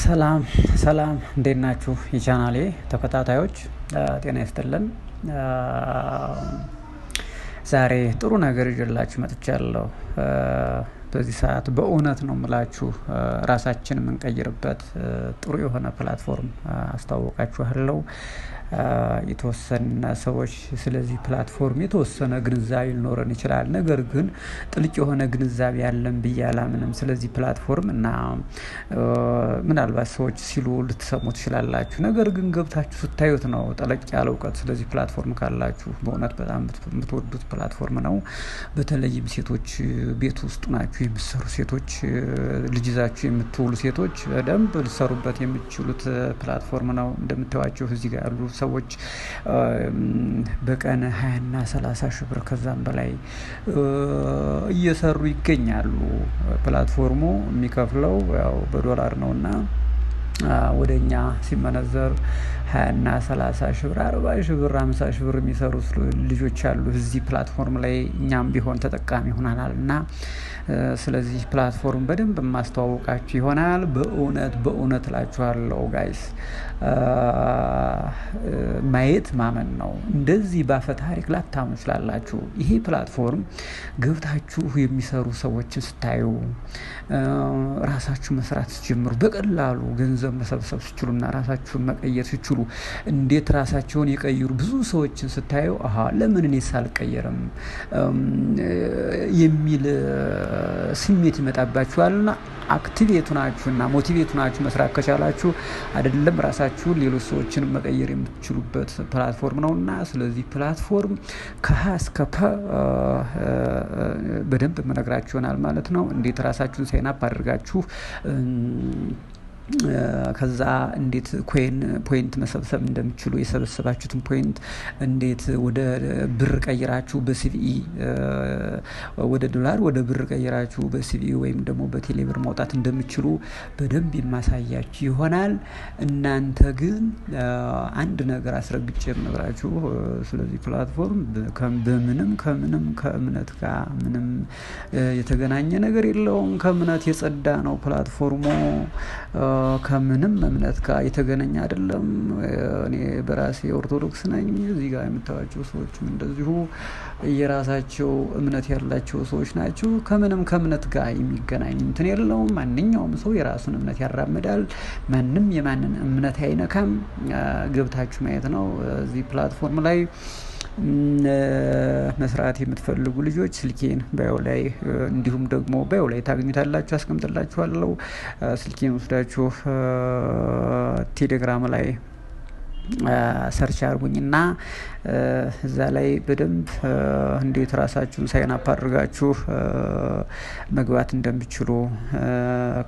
ሰላም ሰላም፣ እንዴት ናችሁ? የቻናሌ ተከታታዮች ጤና ይስጥልን። ዛሬ ጥሩ ነገር ይዤላችሁ መጥቻለሁ። በዚህ ሰዓት በእውነት ነው የምላችሁ ራሳችን የምንቀይርበት ጥሩ የሆነ ፕላትፎርም አስተዋወቃችኋለሁ። የተወሰነ ሰዎች ስለዚህ ፕላትፎርም የተወሰነ ግንዛቤ ሊኖረን ይችላል። ነገር ግን ጥልቅ የሆነ ግንዛቤ ያለን ብዬ አላምንም። ስለዚህ ፕላትፎርም እና ምናልባት ሰዎች ሲሉ ልትሰሙ ትችላላችሁ። ነገር ግን ገብታችሁ ስታዩት ነው ጠለቅ ያለ እውቀት። ስለዚህ ፕላትፎርም ካላችሁ በእውነት በጣም የምትወዱት ፕላትፎርም ነው። በተለይም ሴቶች ቤት ውስጡ ናችሁ ቤታችሁ የምትሰሩ ሴቶች፣ ልጅ ይዛችሁ የምትውሉ ሴቶች በደንብ ልሰሩበት የምችሉት ፕላትፎርም ነው። እንደምታዩዋቸው እዚህ ጋር ያሉ ሰዎች በቀን ሀያና ሰላሳ ሺህ ብር ከዛም በላይ እየሰሩ ይገኛሉ። ፕላትፎርሙ የሚከፍለው ያው በዶላር ነውና ወደ እኛ ሲመነዘር ሀያና ሰላሳ ሺ ብር አርባ ሺ ብር አምሳ ሺ ብር የሚሰሩ ልጆች አሉ እዚህ ፕላትፎርም ላይ እኛም ቢሆን ተጠቃሚ ይሆናል እና ስለዚህ ፕላትፎርም በደንብ የማስተዋወቃችሁ ይሆናል። በእውነት በእውነት እላችኋለሁ ጋይስ ማየት ማመን ነው። እንደዚህ ባፈ ታሪክ ላታምኑ ስላላችሁ ይሄ ፕላትፎርም ገብታችሁ የሚሰሩ ሰዎችን ስታዩ ራሳችሁ መስራት ስጀምሩ በቀላሉ ገንዘብ ገንዘብ መሰብሰብ ሲችሉ ና ራሳችሁን መቀየር ሲችሉ እንዴት ራሳቸውን የቀይሩ ብዙ ሰዎችን ስታየው አሀ ለምን እኔ አልቀየርም የሚል ስሜት ይመጣባችኋል ና አክቲቬቱ ናችሁና ሞቲቬቱ ናችሁ መስራት ከቻላችሁ አይደለም ራሳችሁን ሌሎች ሰዎችን መቀየር የምትችሉበት ፕላትፎርም ነው እና ስለዚህ ፕላትፎርም ከሀ እስከ ፐ በደንብ መነግራችሁ ይሆናል ማለት ነው። እንዴት ራሳችሁን ሳይናፕ አድርጋችሁ ከዛ እንዴት ኮይን ፖይንት መሰብሰብ እንደምችሉ የሰበሰባችሁትን ፖይንት እንዴት ወደ ብር ቀይራችሁ በሲቪኢ ወደ ዶላር ወደ ብር ቀይራችሁ በሲቪኢ ወይም ደግሞ በቴሌብር ማውጣት እንደምችሉ በደንብ የማሳያችሁ ይሆናል። እናንተ ግን አንድ ነገር አስረግጬ የምነግራችሁ ስለዚህ ፕላትፎርም በምንም ከምንም ከእምነት ጋር ምንም የተገናኘ ነገር የለውም። ከእምነት የጸዳ ነው ፕላትፎርሙ። ከምንም እምነት ጋር የተገናኘ አይደለም። እኔ በራሴ ኦርቶዶክስ ነኝ። እዚህ ጋር የምታዩዋቸው ሰዎችም እንደዚሁ የራሳቸው እምነት ያላቸው ሰዎች ናቸው። ከምንም ከእምነት ጋር የሚገናኝ እንትን የለውም። ማንኛውም ሰው የራሱን እምነት ያራምዳል። ማንም የማንን እምነት አይነካም። ገብታችሁ ማየት ነው እዚህ ፕላትፎርም ላይ መስራት የምትፈልጉ ልጆች ስልኬን ባዮ ላይ እንዲሁም ደግሞ ባዮ ላይ ታገኙታላችሁ፣ አስቀምጥላችኋለሁ። ስልኬን ወስዳችሁ ቴሌግራም ላይ ሰርች አድርጉኝና እዛ ላይ በደንብ እንዴት ራሳችሁን ሳይን አድርጋችሁ መግባት እንደምችሉ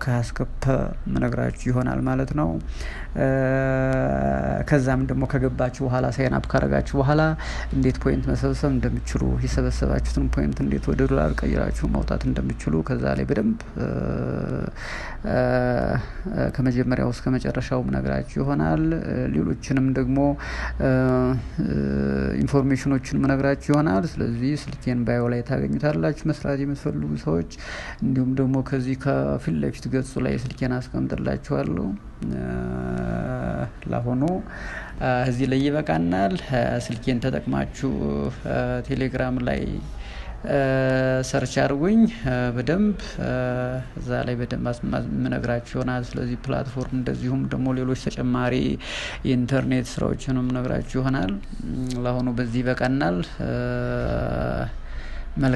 ከስከፕ ምነግራችሁ ይሆናል ማለት ነው። ከዛም ደግሞ ከገባችሁ በኋላ ሳይን አፕ በኋላ እንዴት ፖይንት መሰብሰብ እንደምችሉ የሰበሰባችሁትን ፖይንት እንዴት ወደ ዶላር ቀይራችሁ ማውጣት እንደምችሉ ከዛ ላይ በደንብ ከመጀመሪያው እስከ መጨረሻው ምነግራችሁ ይሆናል ሌሎችንም ደግሞ ኢንፎርሜሽኖችን መነግራችሁ ይሆናል። ስለዚህ ስልኬን ባዮ ላይ ታገኙታላችሁ። መስራት የምትፈልጉ ሰዎች እንዲሁም ደግሞ ከዚህ ከፊት ለፊት ገጹ ላይ ስልኬን አስቀምጥላችኋለሁ። ለአሁኑ እዚህ ላይ ይበቃናል። ስልኬን ተጠቅማችሁ ቴሌግራም ላይ ሰርች አድርጉኝ በደንብ እዛ ላይ በደንብ ምነግራችሁ ይሆናል። ስለዚህ ፕላትፎርም እንደዚሁም ደግሞ ሌሎች ተጨማሪ የኢንተርኔት ስራዎችንም ነግራችሁ ይሆናል። ለአሁኑ በዚህ ይበቃናል። መልካም